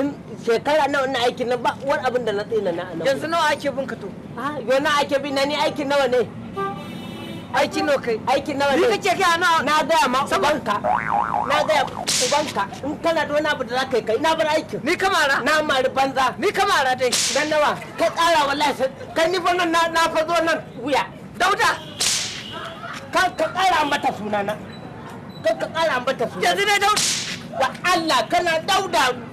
tun shekara nawa na aikin nan ba wani abin da na tsina na anan yanzu nawa ake bin ka to ha ah, yo na ake bin na ni aikin nawa ne aikin nawa kai aikin nawa ne kace kai ana na ga ma ka na ga ka? in kana da wani abu da zaka kai na bar aikin ni kamara na mari banza ni kamara dai dan nawa ka tsara wallahi kai ni fa nan na fa zo nan wuya dauda ka ka kara mata sunana ka ka kara mata sunana yanzu ne dauda wa Allah kana dauda